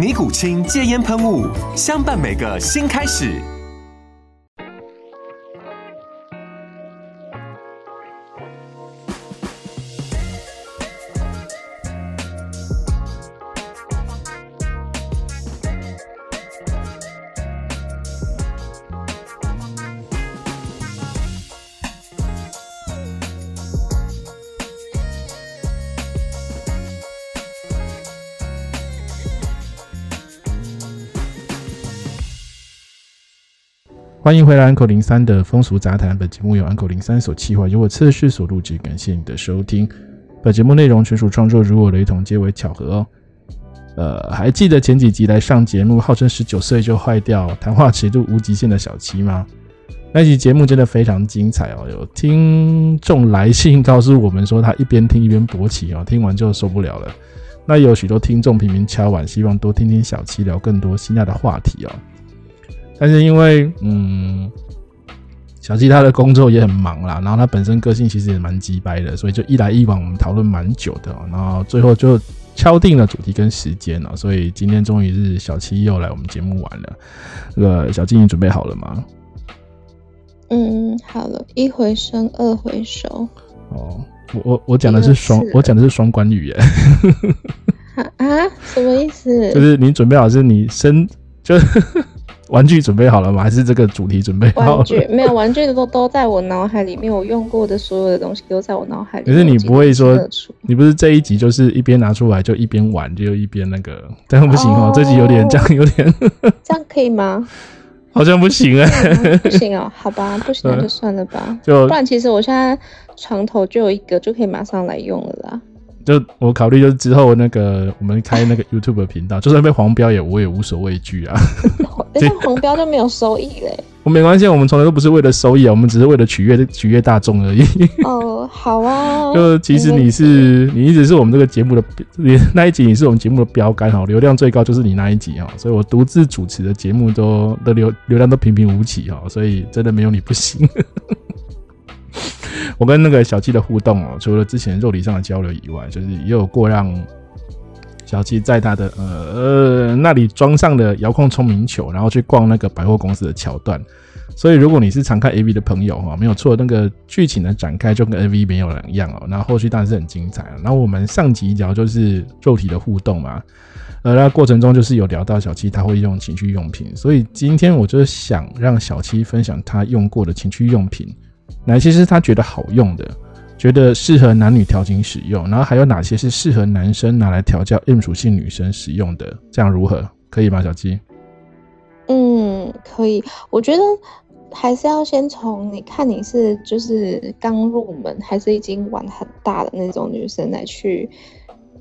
尼古清戒煙噴霧，相伴每個新開始。歡迎回來，Uncle03 的風俗雜談。本節目由 Uncle03 所企劃，由我策士所錄製。感謝你的收聽。本節目內容純屬創作，如有雷同，皆為巧合哦。呃，還記得前幾集來上節目，號稱十九歲就壞掉，談話尺度無極限的小七嗎？那集節目真的非常精彩哦。有聽眾來信告訴我們說，他一邊聽一邊勃起哦，聽完就受不了了。那有許多聽眾頻頻敲碗，希望多聽聽小七聊更多辛辣的話題哦。但是因為嗯，小七他的工作也很忙啦，然後他本身個性其實也蠻機掰的，所以就一來一往我們討論蠻久的、喔，然後最後就敲定了主題跟時間了、喔，所以今天終於是小七又來我們節目玩了。那、這個、小七，你準備好了嗎？嗯，好了，一回生二回熟。哦，我我我講的是雙，我講的是雙關語言、欸。 啊？什麼意思？就是你準備好，是你生就。是。玩具準備好了嗎？還是這個主題準備好了？玩具沒有，玩具都都在我腦海裡面。我用過的所有的東西都在我腦海裡面。可是你不會說，你不是這一集就是一邊拿出來就一邊玩，就一邊那個，這樣不行喔，哦。這集有點這樣，有點。這樣可以嗎？ 好像不行哎。 不行哦。好吧，不行那就算了吧。嗯，不然，其實我現在床頭就有一個，就可以馬上來用了啦。就我考慮，就是之後那個我們開那個 YouTube 頻道，就算被黃標也我也無所畏懼啊。但是黃標就沒有收益嘞。我沒關係，我們從來都不是為了收益啊，我們只是為了取悅取悅大眾而已。哦、呃，好啊。 就其實你是你一直是我們這個節目的你那一集也是我們節目的標桿哦，流量最高就是你那一集哈，所以我獨自主持的節目都的流流量都平平無奇哈，所以真的沒有你不行。 我跟那個小七的互動哦，除了之前肉體上的交流以外，就是也有過讓小七在他的呃呃那裡裝上了遙控聰明球，然後去逛那個百貨公司的橋段。所以如果你是常看 A V 的朋友哈、哦，沒有錯，那個劇情的展開就跟 A V 沒有兩樣哦。那後，後續當然是很精彩了。然後我們上集聊就是肉體的互動嘛，呃，那過程中就是有聊到小七他會用情趣用品，所以今天我就是想讓小七分享他用過的情趣用品。哪一些是他覺得好用的，覺得適合男女調情使用，然後還有哪些是適合男生拿來調教 M 屬性女生使用的？這樣如何？可以嗎，小七？嗯，可以。我覺得還是要先從你看你是就是剛入門還是已經玩很大的那種女生來去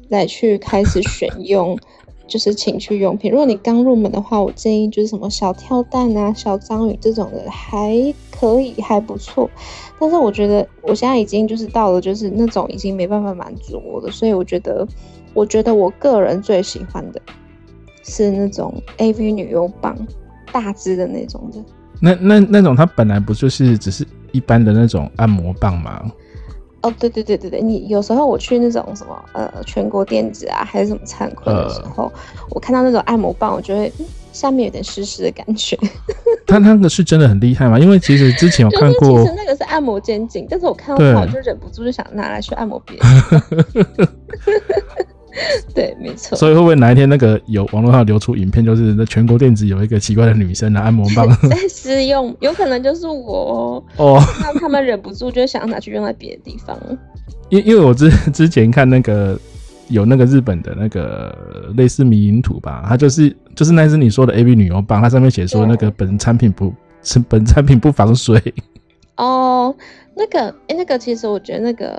來去開始選用。 就是情趣用品。如果你剛入門的話，我建議就是什麼小跳蛋啊、小章魚這種的，還可以，還不錯。但是我覺得我現在已經就是到了，就是那種已經沒辦法滿足我的，所以我覺得，我覺得我個人最喜歡的是那種 AV 女優棒，大只的那種的。那那那種它本來不就是只是一般的那種按摩棒嗎？哦，oh, 對對對對對，你有時候我去那種什麼呃全國電子啊還是什麼倉庫的時候，呃、我看到那種按摩棒，我就會、嗯、下面有點濕濕的感覺。但 那個是真的很厲害嗎？因為其實之前我看過，其實那個是按摩肩頸，但是我看到他我就忍不住就想拿來去按摩別人。 對，沒錯。所以會不會哪一天那個有網絡上流出影片，就是那全國電子有一個奇怪的女生拿、啊、按摩棒在試 用，有可能就是我哦。那他們忍不住就想要拿去用在別的地方。因 因為我之之前看那個有那個日本的那個類似迷因圖吧，它就是就是那支你說的 A V 女優棒，它上面寫說那個本產品不是對本產品不防水。哦，oh, 那個哎、欸，那個其實我覺得那個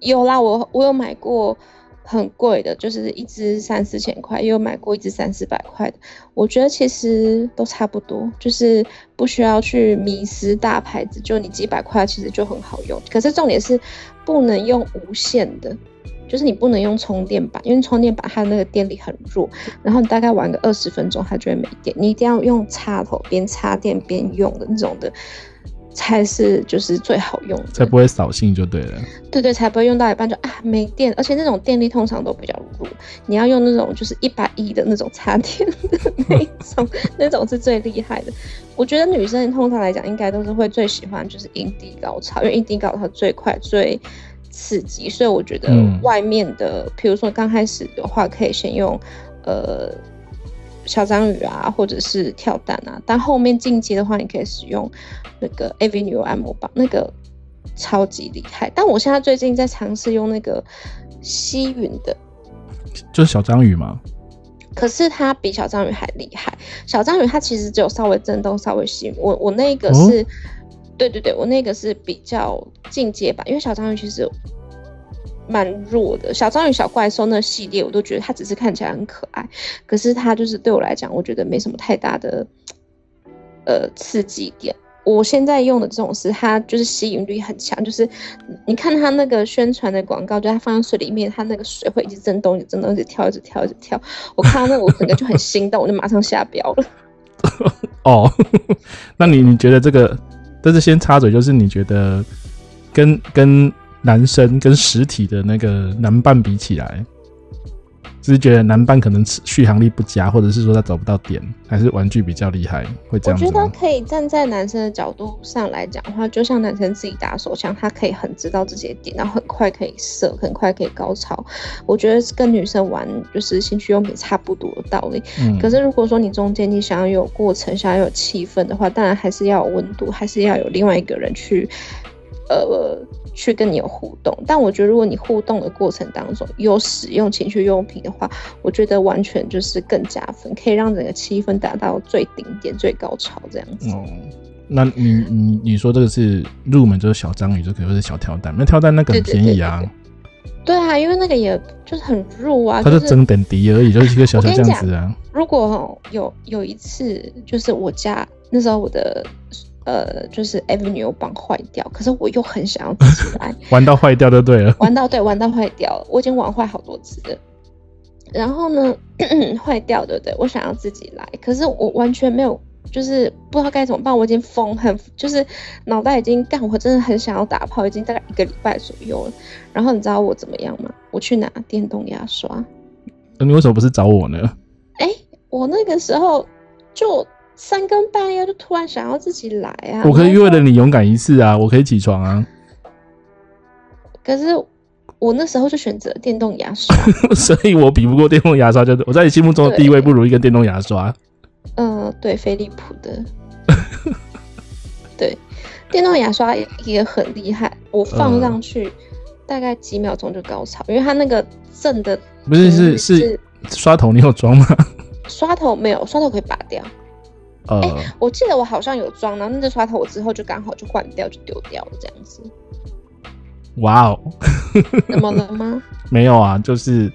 有啦，我我有買過。很貴的，就是一支三四千塊，也有買過一支三四百塊的。我覺得其實都差不多，就是不需要去迷失大牌子，就你幾百塊其實就很好用。可是重點是不能用無線的，就是你不能用充電板，因為充電板它的那個電力很弱，然後你大概玩個二十分鐘它就會沒電。你一定要用插頭，邊插電邊用的那種的。才是就是最好用的，才不會掃興就對了。對對，才不會用到一半就啊沒電，而且那種電力通常都比較弱。你要用那種就是一百億的那種插電的那一種， 那種是最厲害的。我覺得女生通常來講應該都是會最喜歡就是陰蒂高潮，因為陰蒂高潮最快最刺激，所以我覺得外面的，比如說剛開始的話，可以先用呃。小章魚啊，或者是跳蛋啊，但後面進階的話，你可以使用那個 A V 女友按摩棒，那個超級厲害。但我現在最近在嘗試用那個吸吮的，就是小章魚嗎？可是它比小章魚還厲害。小章魚它其實只有稍微震動、稍微吸。我我那個是，哦、對對對，我那個是比較進階版，因為小章魚其實。蠻弱的，小章魚、小怪獸那個系列，我都覺得它只是看起來很可愛，可是它就是對我來講，我覺得沒什麼太大的呃刺激點。我現在用的這種是它，就是吸引力很強，就是你看它那個宣傳的廣告，就它放在水裡面，它那個水會一直震動，一直震動，一直跳，一直跳，一直跳。一直跳，我看到那個我整個就很心動， 我就馬上下標了。 哦，那你你覺得這個？但是先插嘴，就是你覺得跟跟。男生跟實體的那個男伴比起來，只是覺得男伴可能續航力不佳，或者是說他找不到點，還是玩具比較厲害。會這樣，我覺得可以站在男生的角度上來講的話，就像男生自己打手槍，他可以很知道自己的點，然後很快可以射，很快可以高潮。我覺得跟女生玩就是情趣用品差不多的道理。嗯，可是如果說你中間你想要有過程，想要有氣氛的話，當然還是要有溫度，還是要有另外一個人去，呃。去跟你有互動，但我覺得如果你互動的過程當中有使用情趣用品的話，我覺得完全就是更加分，可以讓整個氣氛達到最頂點、最高潮這樣子。哦、嗯，那你你你說這個是入門就是小章魚，這個、就可以，或者小跳蛋，那跳蛋那個很便宜啊對對對對對？對啊，因為那個也就是很弱啊，它就爭、是、點敵而已，就是一個小小這樣子啊。如果有有一次，就是我家那時候我的。呃，就是 a v e n u e 友綁壞掉，可是我又很想要自己來 玩到壞掉就對了，玩到對，玩到壞掉了，我已經玩壞好多次了。然後呢，壞掉對不對？我想要自己來，可是我完全沒有，就是不知道該怎麼辦。我已經瘋，很就是腦袋已經乾，我真的很想要打炮，已經大概一個禮拜左右了。然後你知道我怎麼樣嗎？我去拿電動牙刷。那你為什麼不是找我呢？哎、欸，我那個時候就。三更半夜就突然想要自己來啊！我可以為了你勇敢一次啊！我可以起床啊！可是我那時候就選擇了電動牙刷。 所以我比不過電動牙刷就，就是我在你心目中的地位不如一個電動牙刷。嗯、呃，對，飛利浦的， 對，電動牙刷也很厲害。我放上去大概幾秒鐘就高潮，呃、因為它那個震的是不是是是刷頭，你有裝嗎？刷頭沒有，刷頭可以拔掉。呃欸、我記得我好像有裝，然後那個刷頭我之後就剛好就換掉，就丟掉了這樣子。哇哦 Wow， 怎麼了嗎？沒有啊，就是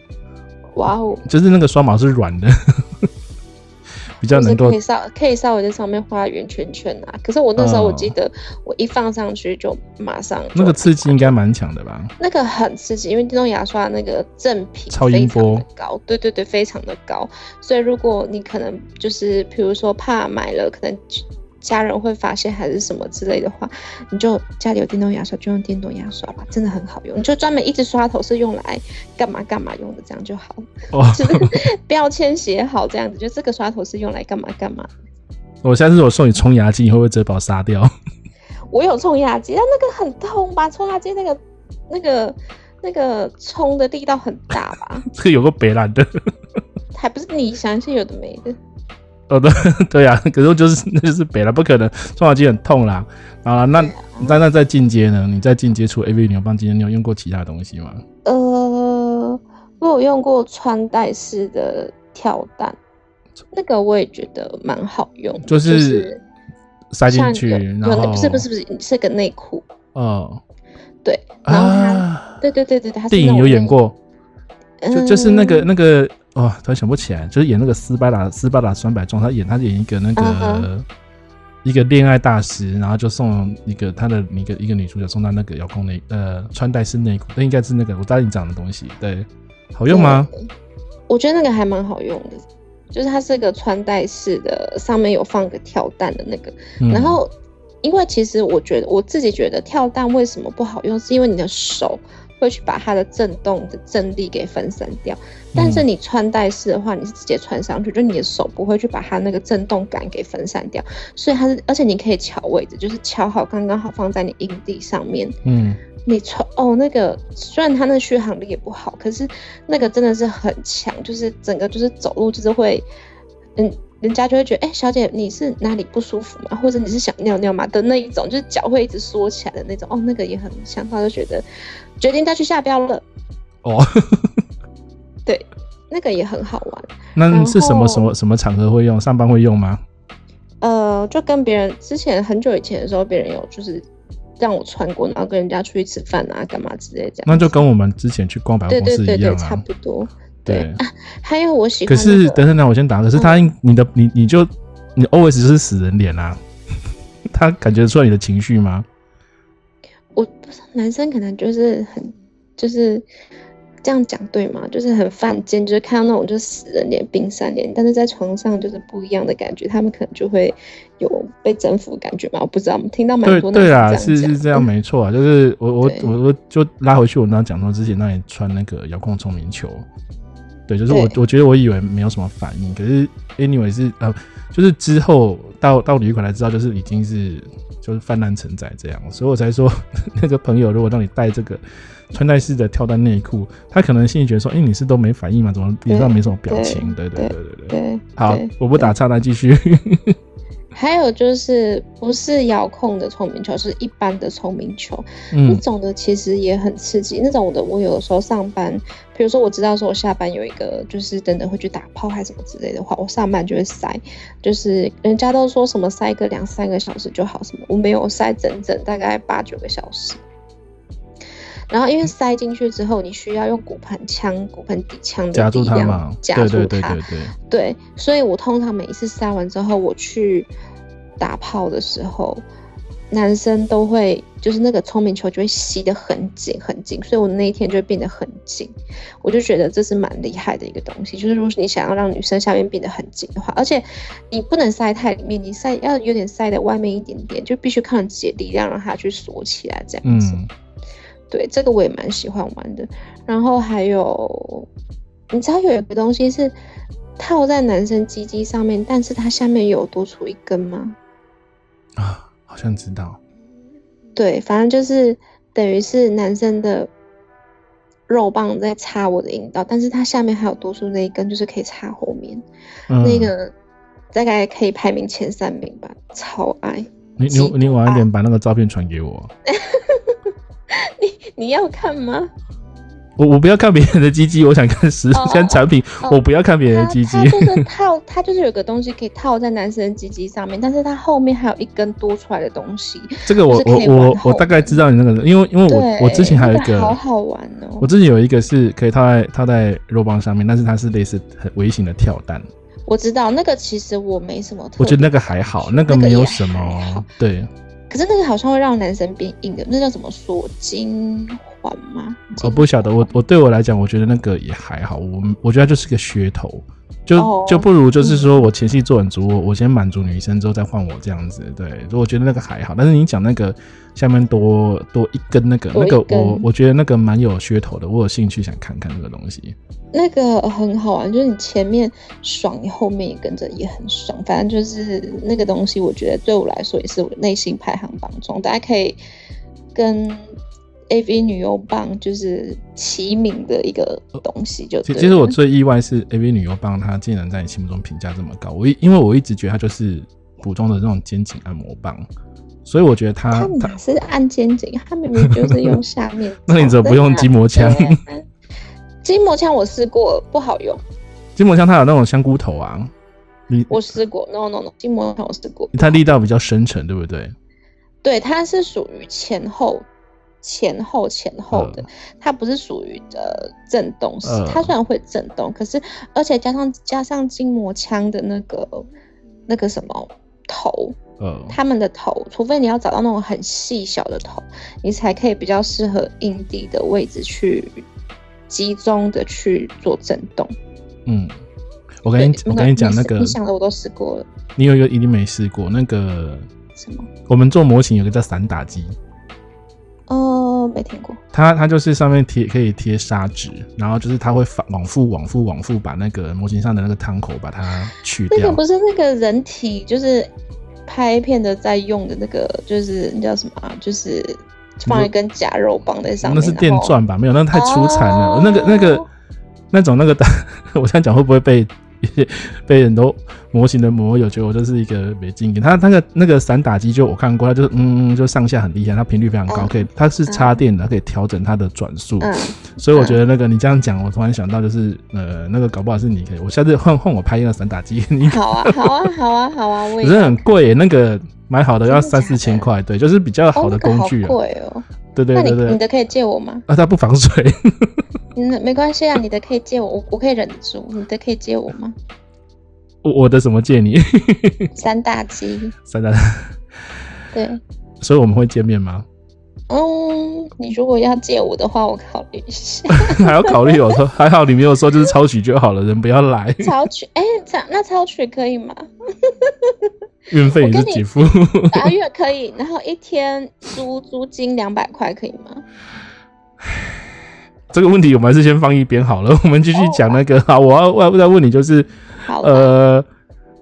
哇哦，Wow 就是那個刷毛是軟的。 比較能夠可以稍微在上面畫圓圈圈啊，可是我那時候我記得我一放上去就馬上就那個刺激應該蠻強的吧？那個很刺激，因為電動牙刷那個振頻超音波高，對對對，非常的高，所以如果你可能就是譬如說怕買了可能。家人會發現還是什麼之類的話，你就家裡有電動牙刷就用電動牙刷吧，真的很好用。你就專門一支刷頭是用來幹嘛幹嘛用的，這樣就好。哦， 就是標籤寫好這樣子，就這個刷頭是用來幹嘛幹嘛。我下次我送你沖牙機，你會不會直接把我殺掉？我有沖牙機，但那個很痛吧？沖牙機那個那個那個沖的力道很大吧？ 這個有個別爛的 ，還不是你相信有的沒的。哦，對對呀、啊，可是我就是那就是北了，不可能，創可貼很痛啦。啊，那那那在進階呢？你在進階出 AV 牛蒡，今天你有用過其他東西嗎？呃，我有用過穿戴式的跳蛋，那個我也覺得蠻好用，就是塞進去，然後，然後不是不是不是是個內褲。哦、呃，對，然後它，啊、對，對對對對，它是電影有演過，嗯、就就是那個那個。哦，突然想不起來，就是演那個斯巴達斯巴達三百壯，他演他演一個那個、嗯、哼一個戀愛大師，然後就送一個他的一個一個女主角送他那個遙控內呃穿戴式內褲，那應該是那個我答應你講的東西，對，好用嗎？我覺得那個還蠻好用的，就是它是個穿戴式的，上面有放個跳蛋的那個，然後、嗯、因為其實我覺得我自己覺得跳蛋為什麼不好用，是因為你的手。會去把它的震動的震力給分散掉，但是你穿戴式的話，你是直接穿上去，嗯、就你的手不會去把它那個震動感給分散掉，所以它是，而且你可以調位置，就是調好剛剛好放在你陰蒂上面。嗯，你穿哦，那個雖然它那個續航力也不好，可是那個真的是很強，就是整個就是走路就是會。嗯，人家就會覺得，哎、欸，小姐，你是哪裡不舒服嗎？或者你是想尿尿嗎？的那一種，就是腳會一直縮起來的那種。哦、喔，那個也很香，他就覺得決定再去下標了。哦呵，對，那個也很好玩。那是什麼後什麼什麼場合會用？上班會用嗎？呃，就跟別人之前很久以前的時候，別人有就是讓我穿過，然後跟人家出去吃飯啊，幹嘛之類這樣。那就跟我們之前去逛百貨公司一樣、啊、對對對對對差不多。對，對、啊，還有我喜歡、那個。可是等等，那我先打。可是他，嗯、你的你你就，你 always 是死人臉啊呵呵？他感覺出來你的情緒嗎？我男生可能就是很，就是這樣講對嗎？就是很犯賤，就是看到那種就是死人臉、冰山臉，但是在床上就是不一樣的感覺，他們可能就會有被征服的感覺嘛？我不知道，我們聽到蠻多對。對啊，是是這樣，沒錯啊。就是我我對我就拉回去，我剛剛講到之前那裡穿那個遙控聰明球。對，就是我，對我覺得我以為沒有什麼反應，可是 anyway 是呃，就是之後到到旅館才知道，就是已經是就是泛濫成災這樣，所以我才說那個朋友，如果讓你帶這個穿戴式的跳蛋內褲，他可能心裡覺得說，哎、欸，你是都沒反應嘛，怎麼臉上沒什麼表情？對，對對對對對。好，對對對我不打岔，那繼續。 還有就是不是遙控的聰明球，是一般的聰明球，嗯，那種的其實也很刺激。那種的我有時候上班，比如說我知道說我下班有一個就是等等會去打炮還什麼之類的話，我上班就會塞，就是人家都說什麼塞個兩三個小時就好什麼，我沒有塞整整大概八九個小時。然後因為塞進去之後，你需要用骨盆腔、骨盆底腔的力量夾住它嘛，夾住它。對對對對對，對，對。所以我通常每一次塞完之後，我去打炮的時候，男生都會就是那個聰明球就會吸得很緊很緊，所以我那一天就會變得很緊。我就覺得這是蠻厲害的一個東西，就是如果你想要讓女生下面變得很緊的話，而且你不能塞太裡面，你塞要有點塞在外面一點點，就必須靠自己的力量讓它去鎖起來這樣子。嗯對這個我也蠻喜歡玩的，然後還有，你知道有一個東西是套在男生雞雞上面，但是它下面有多出一根嗎？啊，好像知道。對，反正就是等於是男生的肉棒在插我的陰道，但是它下面還有多出那一根，就是可以插後面。嗯、那個大概可以排名前三名吧，超愛。你你你晚一點把那個照片傳給我。啊你要看嗎？我我不要看別人的雞雞，我想看實穿產品。我不要看別人的雞雞。這、oh, oh, oh, 套它就是有個東西可以套在男生的雞雞上面，但是它後面還有一根多出來的東西。這個我我我我大概知道你那個，因為因為我對我之前還有一個，個好好玩哦。我之前有一個是可以套在套在肉棒上面，但是它是類似很微型的跳蛋。我知道那個其實我沒什麼，我覺得那個還好，那個沒有什麼，對。可是那個好像會讓男生變硬的，那叫什麼鎖精嗎？我、哦、不曉得，我我對我來講，我覺得那個也還好。我我覺得就是個噱頭，就、哦、就不如就是說我前戲做很足我，嗯、我先滿足女生之後再換我這樣子。對，所以我覺得那個還好。但是你講那個下面多多一根那個根那個我，我我覺得那個蠻有噱頭的，我有興趣想看看這個東西。那個很好玩，就是你前面爽，你後面也跟着也很爽。反正就是那個東西，我覺得對我來說也是我內心排行榜中，大家可以跟。A V 女優棒就是齊名的一個東西就，就其實我最意外是 A V 女優棒，它竟然在你心目中評價這麼高。我一因為我一直覺得它就是普通的這種肩頸按摩棒，所以我覺得它它哪是按肩頸，它明明就是用下面。 那你怎麼不用筋膜槍？筋膜槍我試過，不好用。筋膜槍它有那種香菇頭啊？你我試過，no no no，筋膜槍我試過，它力道比較深層，對不對？對，它是屬於前後。前後前後的，呃、它不是屬於的震動式。呃、它雖然會震動，可是而且加上加上筋膜槍的那個那個什麼頭，嗯、呃，他們的頭，除非你要找到那種很細小的頭，你才可以比較適合陰蒂的位置去集中的去做震動。嗯，我跟你對我跟你講，那，你那個你想的我都試過了，你有一個一定沒試過那個什麼？我們做模型有個叫散打機。沒聽過，它它就是上面貼可以貼砂紙，然後就是它會反往復往復往復把那個模型上的那個湯口把它去掉。那個不是那個人體就是拍片的在用的那個，就是那叫什麼啊？就是放一根假肉綁在上面。那是電鑽吧？後沒有，那個、太粗殘了、啊那個。那個那個那種那個的， 我這樣講會不會被？被很多模型的模友覺得我就是一個沒經驗。他那個那個散打機就我看過，他就是嗯，就上下很厲害，它頻率非常高，嗯、可以它是插電的，嗯、它可以調整它的轉速。嗯嗯、所以我覺得那個你這樣講，我突然想到就是呃，那個搞不好是你可以，我下次換換我拍一個散打機。你好啊，好啊，好啊，好啊，我也。是很貴、欸，那個買好的要三四千塊，對，就是比較好的工具啊。貴哦。那個、哦對對對對，對你，你的可以借我嗎？啊，它不防水。 嗯，沒關係啊，你的可以借我，我我可以忍住。你的可以借我嗎？我的什麼借你？三大雞，三大雞，對。所以我們會見面嗎？嗯，你如果要借我的話，我考慮一下。還要考慮？我說 還好你沒有說，就是超取就好了，人不要來。超取？哎、欸，那超取可以嗎？運費你自己付。一月可以，然後一天租租金兩百塊，可以嗎？這個問題我們還是先放一邊好了，我們繼續講那個。好，我要我要再問你，就是，呃，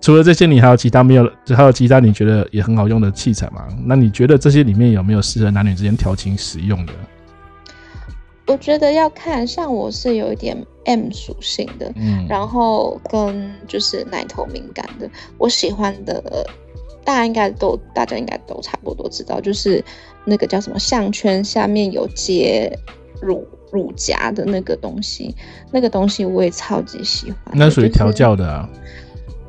除了這些，你還有其他沒有？還有其他你覺得也很好用的器材嗎？那你覺得這些裡面有沒有適合男女之間調情使用的？我覺得要看，像我是有一點 M 屬性的，嗯，然後跟就是奶頭敏感的，我喜歡的，大家應該都大家應該都差不多都知道，就是那個叫什麼項圈下面有接乳。乳夾的那個東西，那個東西我也超級喜歡。那屬於調教的啊。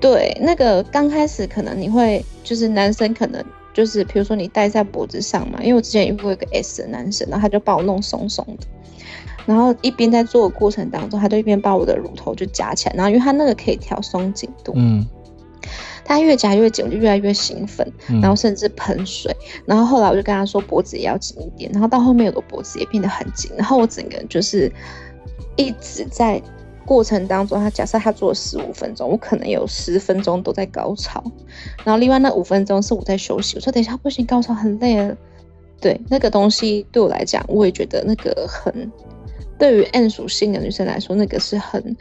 對，那個剛開始可能你會，就是男生可能就是，比如說你戴在脖子上嘛，因為我之前遇過一個 S 的男生，然後他就把我弄鬆松的，然後一邊在做的過程當中，他就一邊把我的乳頭就夾起來，然後因為他那個可以調鬆緊度。嗯。但越夾越緊，我就越來越興奮，然後甚至噴水。嗯、然後後來我就跟他說脖子也要緊一點。然後到後面我的脖子也變得很緊。然後我整個人就是一直在過程當中，他假設他做了十五分鐘，我可能有十分鐘都在高潮，然後另外那五分鐘是我在休息。我說等一下不行，高潮很累啊。對，那個東西對我來講，我也覺得那個很，對於 M 屬性的女生來說，那個是很。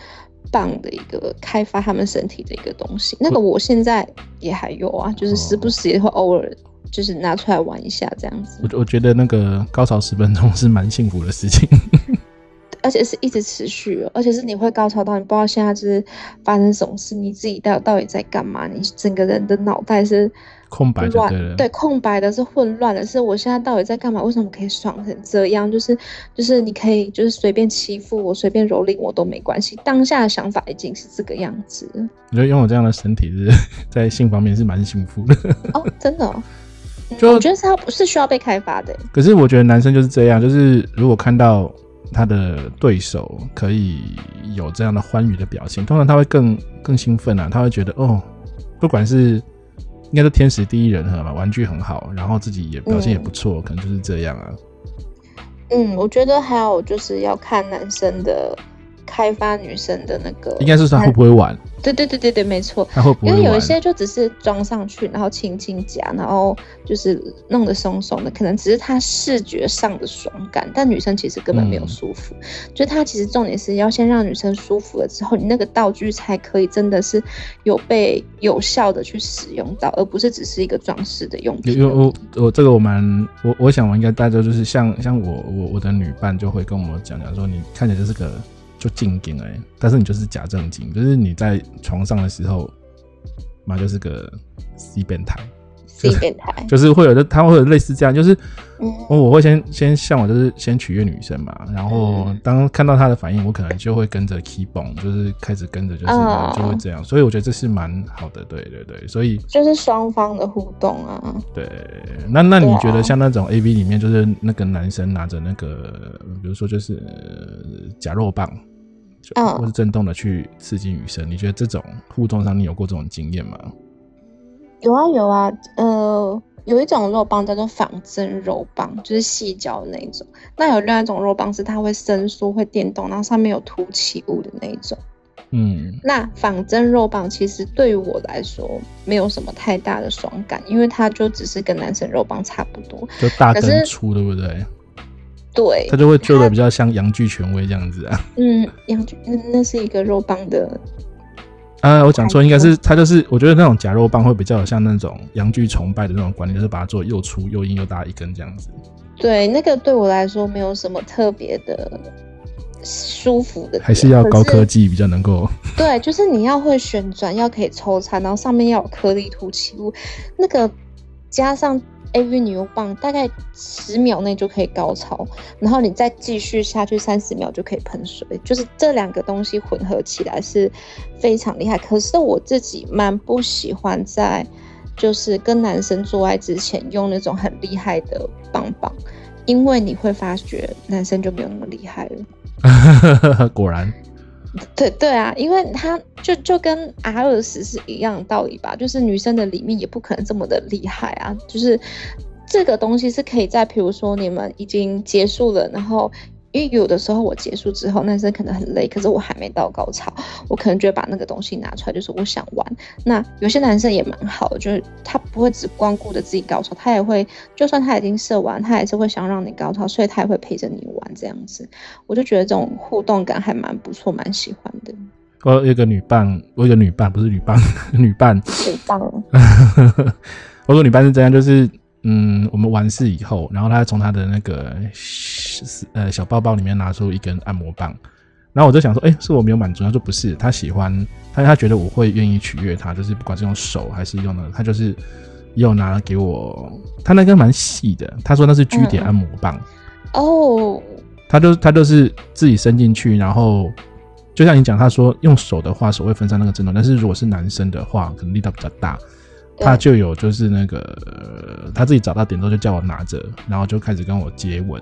棒的一個開發他們身體的一個東西，那個我現在也還有啊，我 就是時不時也會偶爾就是拿出來玩一下這樣子。我我覺得那個高潮十分鐘是蠻幸福的事情，而且是一直持續，哦，而且是你會高潮到你不知道現在就是發生什麼事，你自己到到底在幹嘛，你整個人的腦袋是。空白的，對，空白的是混亂的是，是我現在到底在幹嘛？為什麼可以爽成這樣？就是就是你可以就是隨便欺負我，隨便蹂躪我都沒關係。當下的想法已經是這個樣子。我覺得擁有這樣的身體是,是在性方面是蠻幸福的、嗯。 哦，真的、哦，就、嗯、我覺得是他不是需要被開發的。可是我覺得男生就是這樣，就是如果看到他的對手可以有這樣的歡愉的表情，通常他會更更興奮啊，他會覺得哦，不管是。應該是天時地利人和吧，玩具很好，然後自己也表現也不錯，嗯、可能就是這樣啊。嗯，我覺得還有就是要看男生的。開發女生的那個，應該是她會不會玩？對對對對對，對，沒錯。她會不會玩？因為有一些就只是裝上去，然後輕輕夾，然後就是弄得鬆松的，可能只是她視覺上的爽感，但女生其實根本沒有舒服。嗯、就她其實重點是要先讓女生舒服了之後，你那個道具才可以真的是有被有效的去使用到，而不是只是一個裝飾的用品。因為我我這個我們我我想我應該帶着就是像像我我我的女伴就會跟我講講說，你看起來就是個。就正經哎、欸，但是你就是假正經，就是你在床上的時候，媽就是個 C 變態，c 變態、就是、就是會有的，他會有類似這樣，就是我、嗯哦、我會先先像我就是先取悅女生嘛，然後當看到她的反應，我可能就會跟着 k e 起崩，就是開始跟着就是、嗯、就會這樣，所以我覺得這是蠻好的，對對對，所以就是雙方的互動啊，對，那那你覺得像那種 A V 裡面，就是那個男生拿着那個，比如說就是假、呃、肉棒。嗯，或是震動的去刺激女生，嗯、你覺得這種互動上你有過這種經驗嗎？有啊有啊，呃，有一種肉棒叫做仿真肉棒，就是細膠的那種。那有另外一種肉棒是它會伸縮、會電動，然後上面有凸起物的那一種。嗯，那仿真肉棒其實對於我來說沒有什麼太大的爽感，因為它就只是跟男生肉棒差不多，就大根粗，是對不對？對，他就會做的比較像陽具權威這樣子啊。嗯，陽具，那那是一個肉棒的。啊、呃，我講錯，應該是他就是，我覺得那種假肉棒會比較像那種陽具崇拜的那種觀念，就是把它做又粗又硬又大一根這樣子。對，那個對我來說沒有什麼特別的舒服的，是還是要高科技比較能夠。對，就是你要會旋轉，要可以抽插，然後上面要有顆粒凸起物，那個加上。A V 女優棒大概十秒內就可以高潮，然後你再繼續下去三十秒就可以噴水，就是這兩個東西混合起來是非常厲害，可是我自己蠻不喜歡在就是跟男生做愛之前用那種很厲害的棒棒，因為你會發覺男生就沒有那麼厲害了。 果然。對對啊，因為他就就跟阿爾是一樣的道理吧，就是女生的裡面也不可能這麼的厲害啊，就是這個東西是可以在，比如說你們已經結束了，然後。因為有的時候我結束之後，男生可能很累，可是我還沒到高潮，我可能覺得把那個東西拿出來，就是我想玩。那有些男生也蠻好的，就是他不會只光顧着自己高潮，他也會，就算他已經射完，他還是會想讓你高潮，所以他也會陪着你玩這樣子。我就覺得這種互動感還蠻不錯，蠻喜歡的。我有一個女伴，我有一個女伴，不是女伴， 女伴，女伴棒。 我說女伴是這樣，就是嗯，我們完事以後，然後他從他的那個。就是呃，小包包裡面拿出一根按摩棒，然後我就想說，誒、欸，是我沒有滿足？他說不是，他喜歡，他，他覺得我會願意取悅他，就是不管是用手還是用的、那個，他就是又拿給我，他那根蠻細的，他說那是 G 點按摩棒、嗯、哦，他就他就是自己伸進去，然後就像你講，他說用手的話，手會分散那個震動，但是如果是男生的話，可能力道比較大，他就有就是那個、嗯、他自己找到點之後，就叫我拿着，然後就開始跟我接吻。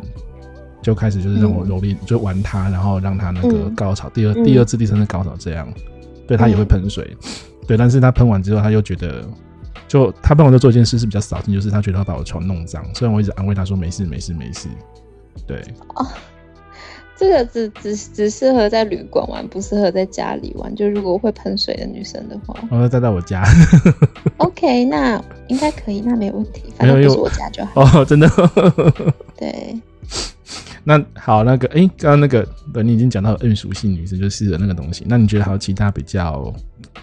就開始就是讓我蹂躪、嗯，就玩他，然後讓他那個高潮，第二、嗯、第二次第三次高潮這樣。嗯、對他也會噴水，嗯、對，但是他噴完之後，他又覺得，就他幫我在做一件事是比較掃興，就是他覺得他把我床弄髒，雖然我一直安慰他說沒事沒事沒事。對，哦、這個只只只適合在旅館玩，不適合在家裡玩。就如果會噴水的女生的話，我要在在我家。 OK，那應該可以，那沒問題，反正不是我家就好。哦，真的， 對。那好，那個哎，剛、欸、剛那個，對你已經講到 M 屬性女生就試的那個東西。那你覺得還有其他比較，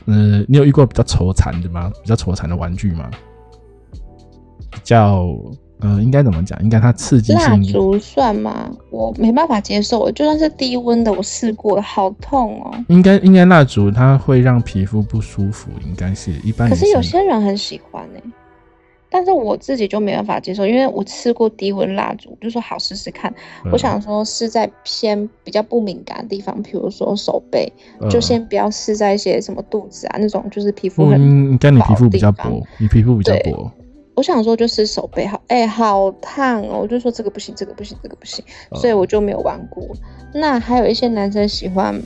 呃，你有遇過比較愁慘的嗎？比較愁慘的玩具嗎？比較，呃，應該怎麼講？應該它刺激性蠟燭算嗎？我沒辦法接受，我就算是低溫的，我試過了，好痛哦。應該應該蠟燭它會讓皮膚不舒服，應該是一般。可是有些人很喜歡呢、欸。但是我自己就沒有辦法接受，因為我吃過低溫蠟燭，就說好試試看。嗯、我想說試在偏比較不敏感的地方，譬如說手背，嗯、就先不要試在一些什麼肚子啊那種，就是皮膚很薄的地方，嗯，你皮膚比較薄，你皮膚比較薄。我想說就是手背好，哎、欸，好燙哦、喔，我就說這個不行，這個不行，這個不行，所以我就沒有玩過。嗯、那還有一些男生喜歡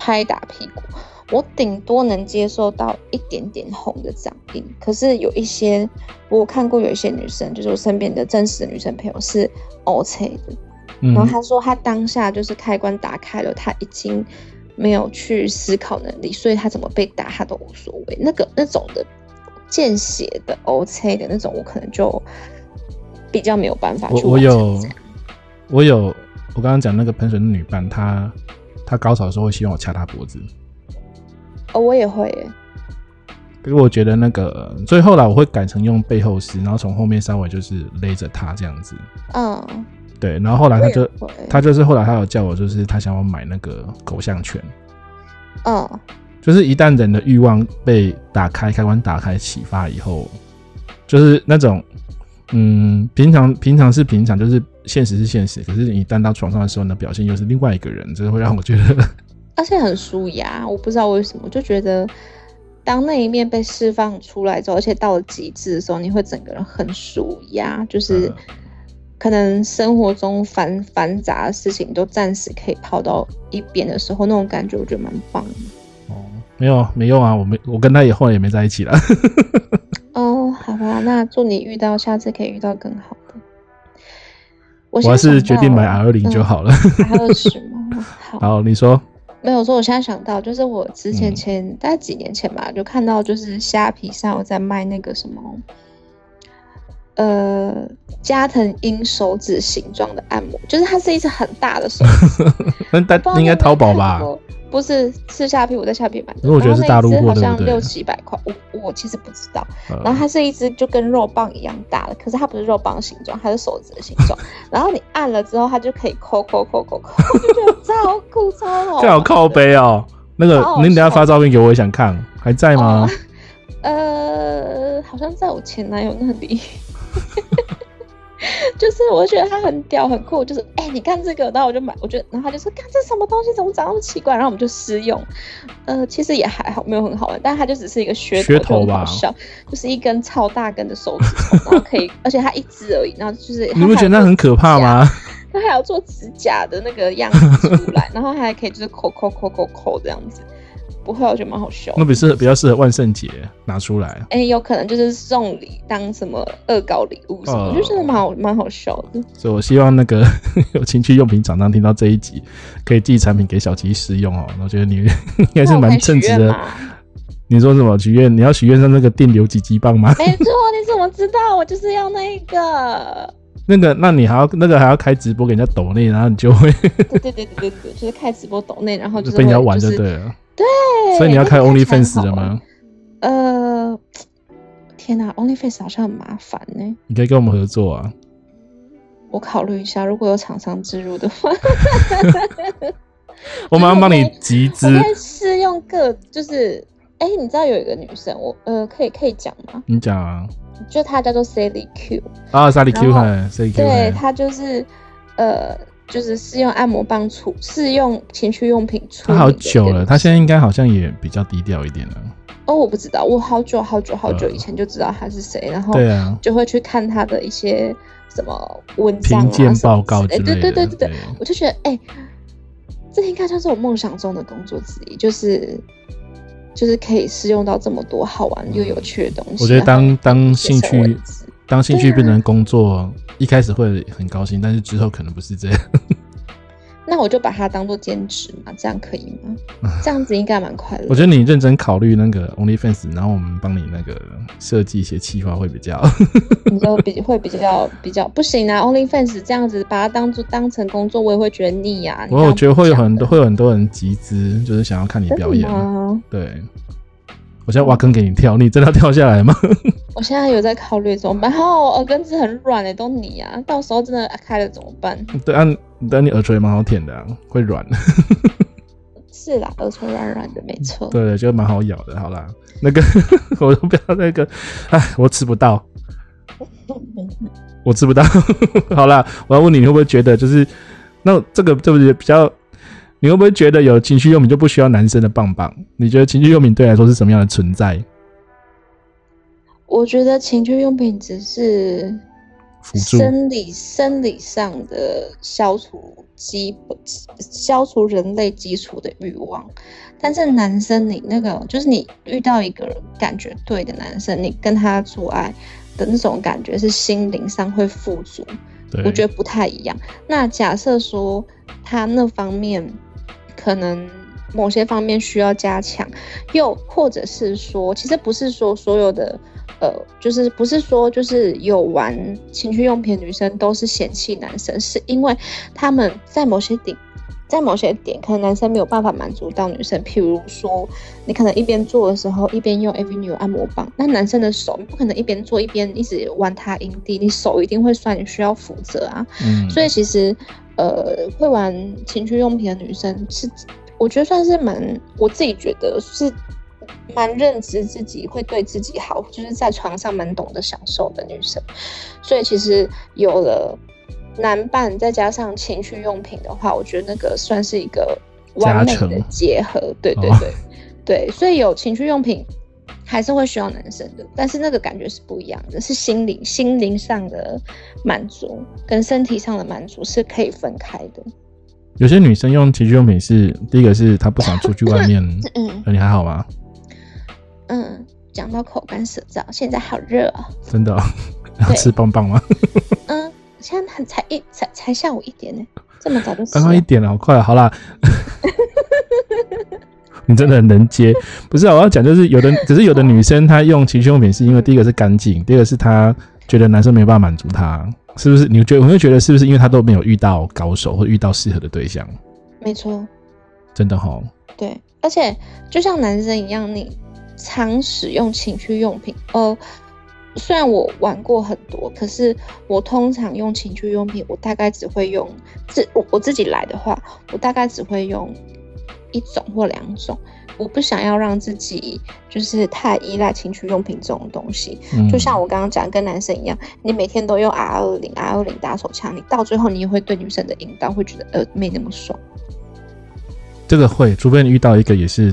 拍打屁股。我頂多能接受到一點點紅的掌印，可是有一些我看過有一些女生，就是我身邊的真實的女生朋友是黑青的，嗯、哼然後她說她當下就是開關打開了，她已經沒有去思考能力，所以她怎麼被打她都無所謂。那個那種的見血的黑青的那種，我可能就比較沒有辦法去我，我有，我有，我剛剛講那個噴水的女伴，她她高潮的時候會希望我掐她脖子。哦，我也會、欸。可是我覺得那個，所以後來我會改成用背後式，然後從後面稍微就是勒着他這樣子。嗯，對。然後後來他就他就是後來他有叫我，就是他想要我買那個狗項圈。嗯，就是一旦人的慾望被打開開關打開啟發以後，就是那種嗯，平常平常是平常，就是現實是現實，可是你一到床上的時候你的表現又是另外一個人，這、就是、會讓我覺得。嗯 而且很舒壓，我不知道為什麼，我就覺得當那一面被釋放出來之後，而且到了極致的時候，你會整個人很舒壓，就是可能生活中繁繁雜的事情都暫時可以拋到一邊的時候，那種感覺我覺得蠻棒的。哦、嗯，沒有啊，沒用啊，我沒我跟他以後也沒在一起了。哈哈哈。哦，好吧，那祝你遇到下次可以遇到更好的。我,我還是決定買 R20 就好了。二十嗎？20, 好，好你說。沒有說，我現在想到就是我之前前大概幾年前吧，就看到就是蝦皮上我在賣那個什麼。呃，加藤鷹手指形狀的按摩，就是它是一隻很大的手，那應該淘寶吧？不是，是蝦皮，我在蝦皮買。因為我覺得大陸好像六七百塊，我我其實不知道。然後它是一隻就跟肉棒一樣大的，可是它不是肉棒形狀，它是手指的形狀。然後你按了之後，它就可以摳摳摳摳摳，超酷超好，還好靠背哦。那個你等下發照片給我，我也想看，還在嗎？呃，好像在我前男友那裡， 就是我覺得他很屌很酷，就是哎、欸，你看這個，然後我就買，我覺得，然後他就說，看這什麼東西怎麼長得那麼奇怪？然後我們就試用，呃，其實也還好，沒有很好玩，但是它就只是一個噱、噱頭吧，好笑就是一根超大根的手指頭，然後可以， 而且它一隻而已，然後就是，你不覺得那很可怕嗎？它還要做指甲的那個樣子出來， 然後還可以就是摳摳摳摳摳這樣子。不會，我覺得蠻好笑。那比，比較適合萬聖節拿出來？哎、欸，有可能就是送禮當什麼惡搞禮物什麼，呃、就是蠻好，蠻好笑的。所以我希望那個有情趣用品廠商聽到這一集，可以寄產品給小七使用哦。我覺得你應該是蠻稱職的。你說什麼？許願？你要許願上那個電流幾級棒嗎？沒錯，你怎麼知道？我就是要那一個。 那個，那你還要那個還要開直播給人家抖內，然後你就會。 對對對對對，就是開直播抖內，然後就被、就是、人家玩就對了。對，所以你要開 OnlyFans 的嗎？呃，天哪，OnlyFans 好像很麻煩呢。你可以跟我們合作啊！我考慮一下，如果有廠商置入的話， 我們要幫你集資。應該是用個，就是，哎，你知道有一個女生，我呃，可以可以講嗎？你講啊，就她叫做 Sally Q 啊，然後，Sally Q 嘿，Sally Q 對，她就是呃。就是試用按摩棒出，試用情趣用品出。他好久了，他現在應該好像也比較低調一點了。哦，我不知道，我好久好久好久以前就知道他是誰，呃、然後對啊，就會去看他的一些什麼文章啊、什麼報告之類的。哎，欸、對,對對對對對，對我就覺得哎、欸，這應該算是我夢想中的工作之一，就是就是可以試用到這麼多好玩又有趣的東西。嗯、我覺得當當興趣。當興趣變成工作，啊、一開始會很高興，但是之後可能不是這樣。 那我就把它當做兼職嘛，這樣可以嗎？ 這樣子應該蠻快樂的。我覺得你認真考慮那個 Only Fans，然後我們幫你那個設計一些企劃會比較。 你就比會比較比較不行啊！Only Fans 這樣子把它當做當成工作，我也會覺得膩呀、啊。我我覺得會有很多會有很多人集資，就是想要看你表演。對。我現在挖坑給你跳，你真的要跳下來嗎？ 我現在有在考慮怎麼辦。哦，耳根子很軟誒、欸，都你啊，到時候真的開了怎麼辦？對啊，等、啊、你耳垂也蠻好舔的、啊，會軟。 是啦，耳垂軟軟的，沒錯。對，就蠻好咬的，好啦。那個， 我都不要那個，哎，我吃不到， 我吃不到。 好啦，我要問你，你會不會覺得就是那這個對不對？比較？你會不會覺得有情趣用品就不需要男生的棒棒？你覺得情趣用品對你來說是什麼樣的存在？我覺得情趣用品只是助生理、生理上的消除基，消除人類基礎的慾望。但是男生，你那個就是你遇到一個人感覺對的男生，你跟他做愛的那種感覺是心靈上會富足，對我覺得不太一樣。那假設說他那方面。可能某些方面需要加強，又或者是說，其實不是說所有的，呃，就是不是說就是有玩情趣用品女生都是嫌棄男生，是因為他們在某些點，在某些點可能男生沒有辦法滿足到女生。比如說，你可能一邊做的時候，一邊用 AV 女按摩棒，那男生的手不可能一邊做一邊一直玩他陰蒂，你手一定會酸，你需要扶著啊。嗯，所以其實。呃，會玩情趣用品的女生是，我覺得算是蠻，我自己覺得是蠻認知自己會對自己好，就是在床上蠻懂得享受的女生。所以其實有了男伴，再加上情趣用品的話，我覺得那個算是一個完美的結合。加成。對對對、哦、對，所以有情趣用品。還是會需要男生的，但是那個感覺是不一樣的，是心靈心靈上的滿足，跟身體上的滿足是可以分開的。有些女生用情趣用品是第一個是她，不想出去外面。 嗯，那你還好嗎？嗯，講到口乾舌燥，現在好熱啊！真的喔，要吃棒棒嗎？嗯，現在才一才才下午一點呢，欸，這麼早就吃？剛剛一點了，好快，好啦。 你真的很能接？不是，我要講就是有的，只是有的女生她用情趣用品是因為第一個是乾淨，第二個是她覺得男生沒有辦法滿足她，是不是？你覺得？你會覺得是不是？因為她都沒有遇到高手或遇到適合的對象。沒錯，真的齁對，而且就像男生一樣，你常使用情趣用品。呃，雖然我玩過很多，可是我通常用情趣用品，我大概只會用自我自己來的話，我大概只會用。一種或兩種，我不想要讓自己就是太依賴情趣用品這種東西。嗯、就像我剛剛講，跟男生一樣，你每天都用 R 二零、R 二零打手槍，你到最後你也會對女生的陰道會覺得呃沒那麼爽。這個會，除非你遇到一個也是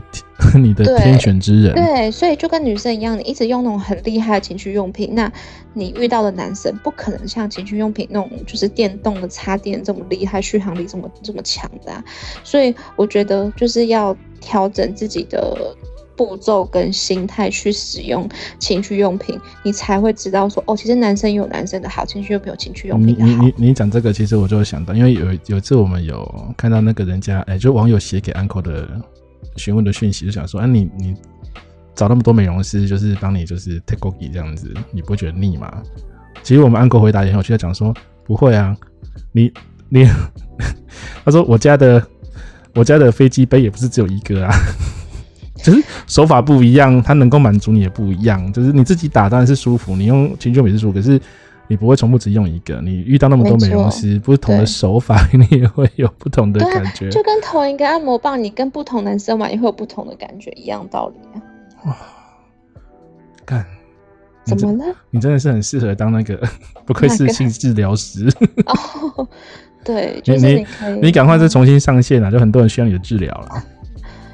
你的天選之人。對，對，所以就跟女生一樣，你一直用那種很厲害的情趣用品，那你遇到的男生不可能像情趣用品那種就是電動的插電這麼厲害，續航力這麼這麼強的啊。所以我覺得就是要調整自己的。步驟跟心態去使用情趣用品，你才會知道說哦，其實男生有男生的好，情趣用品有情趣用品的好、嗯、你你你講這個，其實我就會想到，因為有有一次我們有看到那個人家哎、欸，就網友寫給 Uncle 的詢問的訊息，就想說啊你，你你找那麼多美容師，就是幫你就是 take gogi 這樣子，你不會覺得膩嗎？其實我們 Uncle 回答以後就在講說不會啊，你你 他說我家的我家的飛機杯也不是只有一個啊。可是手法不一樣，它能夠滿足你也不一樣。就是你自己打當然是舒服，你用情趣用品是舒服，可是你不會重複只用一個。你遇到那麼多美容師，錯不同的手法，對你也會有不同的感覺。就跟同一個按摩棒，你跟不同男生玩，也會有不同的感覺一樣道理啊。哇、喔，幹，怎麼了你？你真的是很適合當那個不愧是性治療師、那個、哦。對，就是、你你趕快再重新上線啊！就很多人需要你的治療了。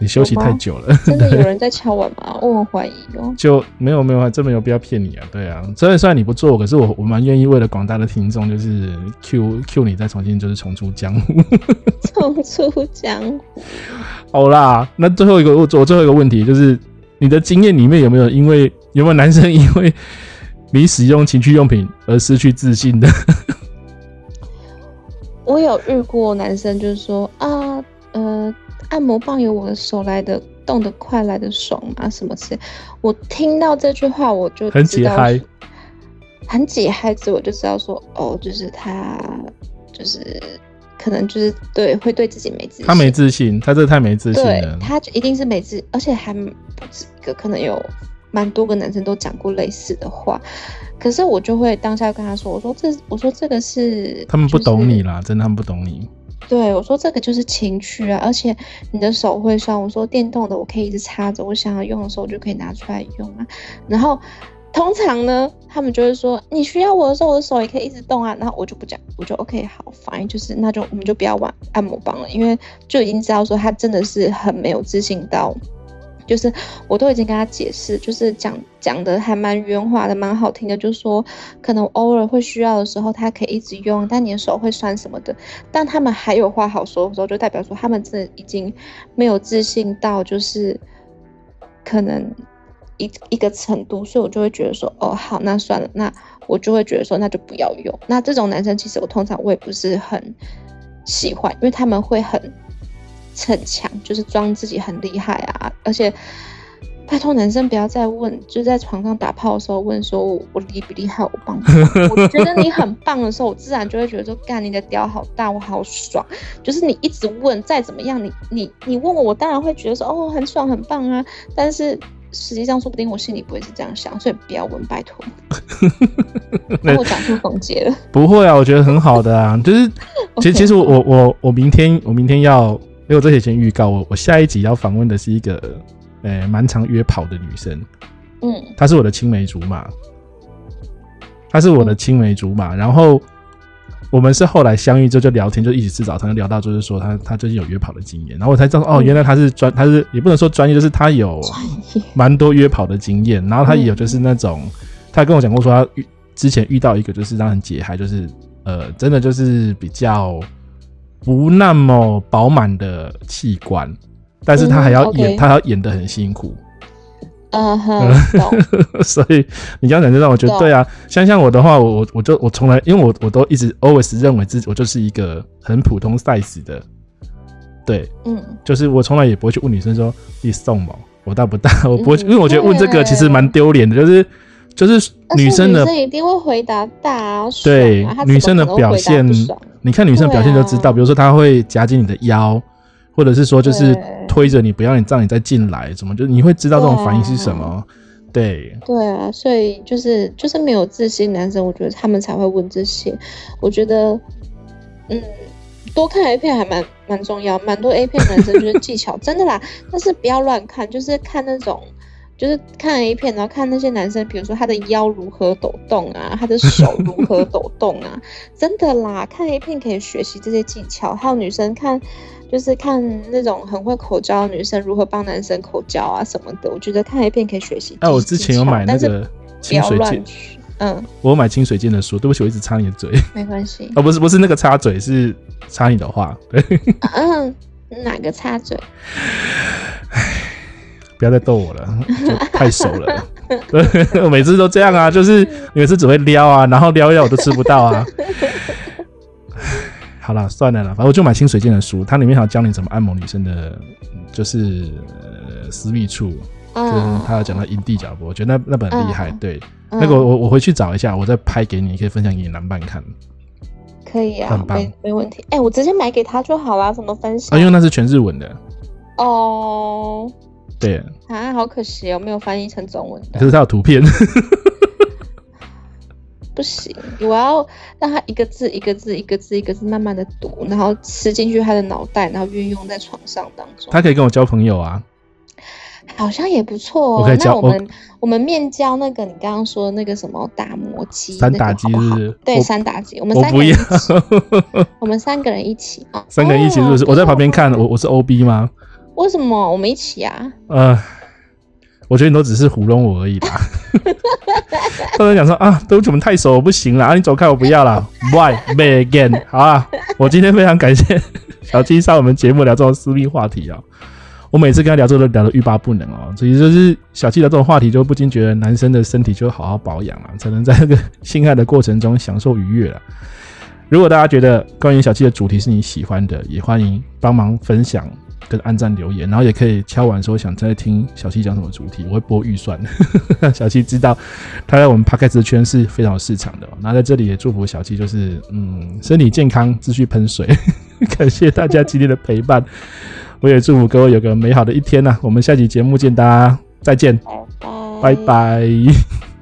你休息太久了，真的有人在敲碗嗎？對我很懷疑哦、喔，就沒有沒有，真沒有必要騙你啊。對啊，所以雖然你不做，可是我我蠻願意為了廣大的聽眾，就是 Q Q 你再重新就是重出江湖， 重出江湖。好啦，那最後一個我我最後一個問題就是，你的經驗裡面有沒有因為有沒有男生因為你使用情趣用品而失去自信的？ 我有遇過男生，就是說啊，呃。按摩棒有我的手來的，動得快，來得爽嗎？什麼事？我聽到這句話，我就很解嗨，很解嗨，就我就知道說，哦，就是他，就是可能就是對，會對自己沒自信。他沒自信，他這太沒自信了，他就一定是沒自信，而且還不止一個，可能有蠻多個男生都講過類似的話，可是我就會當下跟他說，我說這，我說這個是、就是，他們不懂你啦，真的，他們不懂你。對，我說這個就是情趣啊，而且你的手會酸。我說電動的我可以一直插着，我想要用的時候我就可以拿出來用啊。然後通常呢，他們就會說你需要我的時候，我的手也可以一直動啊。然後我就不講，我就 OK 好，反正就是那就我們就不要玩按摩棒了，因為就已經知道說他真的是很沒有自信到。就是我都已經跟他解釋，就是講講的還蠻圓滑的，蠻好聽的。就是說，可能偶爾會需要的時候，他可以一直用，但你的手會酸什麼的。但他們還有話好說的時候，就代表說他們這已經沒有自信到就是可能一一,一個程度，所以我就會覺得說，哦，好，那算了，那我就會覺得說，那就不要用。那這種男生其實我通常我也不是很喜歡，因為他們會很。逞強就是裝自己很厲害啊！而且拜托男生不要再問，就在床上打炮的時候問說我：“我我厲不厲害？我棒不？” 我覺得你很棒的時候，我自然就會覺得說：“幹你的屌好大，我好爽！”就是你一直問，再怎麼樣，你你你問我，我當然會覺得說：“哦，很爽，很棒啊！”但是實際上，說不定我心裡不會是這樣想，所以不要問，拜托。被 我講出總結了？不會啊，我覺得很好的啊， 就是其實 Okay. 其實我我我明天我明天要。因為我這幾天預告我，我下一集要訪問的是一個，呃、欸，蠻常約跑的女生。嗯，她是我的青梅竹馬，她是我的青梅竹馬。嗯、然後我們是後來相遇之後就聊天，就一起吃早餐，聊到就是說她她最近有約跑的經驗，然後我才知道、嗯、哦，原來她是專，她是也不能說專業，就是她有蠻多約跑的經驗。然後她也有就是那種，嗯、她跟我講過說她遇之前遇到一個就是讓人解嗨，就是呃，真的就是比較。不那麼飽滿的器官，但是他還要演，他要演得很辛苦。嗯哼，所以你這樣講，就讓我覺得對啊。懂像像我的話，我我就我從來，因為我我都一直 always 認為自己我就是一個很普通 size 的，對，嗯，就是我從來也不會去問女生說你送嗎？我大不大，我不會去，嗯、因為我覺得問這個其實蠻丟臉的，就是。就是女生的一定會回答大，對，女生的表現，你看女生表現就知道，比如說她會夾緊你的腰，或者是說就是推着你不要你讓你再進來，什麼就是你會知道這種反應是什麼，對。對啊，所以就是就是就是就是就是就是沒有自信男生，我覺得他們才會問這些。我覺得，嗯，多看 A 片還蠻蠻重要，蠻多 A 片男生就是技巧真的啦，但是不要亂看，就是看那種。就是看 A 片，然後看那些男生，比如說他的腰如何抖動啊，他的手如何抖動啊， 真的啦，看 A 片可以學習這些技巧。還有女生看，就是看那種很會口交的女生如何幫男生口交啊什麼的。我覺得看 A 片可以學習。哎、啊，我之前有買那個清水劍，嗯，我有買清水劍的書。對不起，我一直插你的嘴。嗯、沒關係。哦，不是不是那個插嘴，是插你的話。對。嗯，哪個插嘴？不要再逗我了，就太熟了。 我每次都這樣啊，就是每次只會撩啊，然後撩一下我都吃不到啊。 好了，算了啦，反正我就買清水健的書，它裡面還有教你怎麼按摩女生的，就是、呃、私密處。就是他有講到陰蒂角度，我覺得那那本很厲害。嗯、對。嗯、那個我我回去找一下，我再拍給你，可以分享給你男伴看。可以啊，很棒沒，沒問題。哎、欸，我直接買給他就好了，怎麼分析？啊，因為那是全日文的。哦。Oh. 對啊，好可惜哦，我沒有翻譯成中文。可是他有圖片，不行，我要讓他一個字一個字一個字一個字慢慢的讀，然後吃進去他的腦袋，然後運用在床上當中。他可以跟我交朋友啊，好像也不錯哦。那我們我們面交那個你剛剛說的那個什麼打磨機，三打機不對，三打機，我們三個人一起。我們三個人一起。三個人一起就是我在旁邊看，我我是 OB 嗎？為什麼我沒起啊？呃，我覺得你都只是糊弄我而已吧。他才想說啊，都我們太熟，我不行了，啊，你走開，我不要了。Why again？好啊，我今天非常感謝小七上我們節目聊這種私密話題啊喔。我每次跟他聊，真都聊得欲罷不能哦喔。所以就是小七聊這種話題，就不禁覺得男生的身體就好好保養了，才能在那個性愛的過程中享受愉悅了。如果大家覺得關於小七的主題是你喜歡的，也歡迎幫忙分享。跟按讚留言，然後也可以敲碗後想再聽小七講什麼主題，我會播預算。 小七知道他在我們 Podcast 的圈是非常有市場的喔，那在這裡也祝福小七就是嗯身體健康，繼續噴水。 感謝大家今天的陪伴，我也祝福各位有個美好的一天啊，我們下期節目見，大家再見，拜拜。拜拜。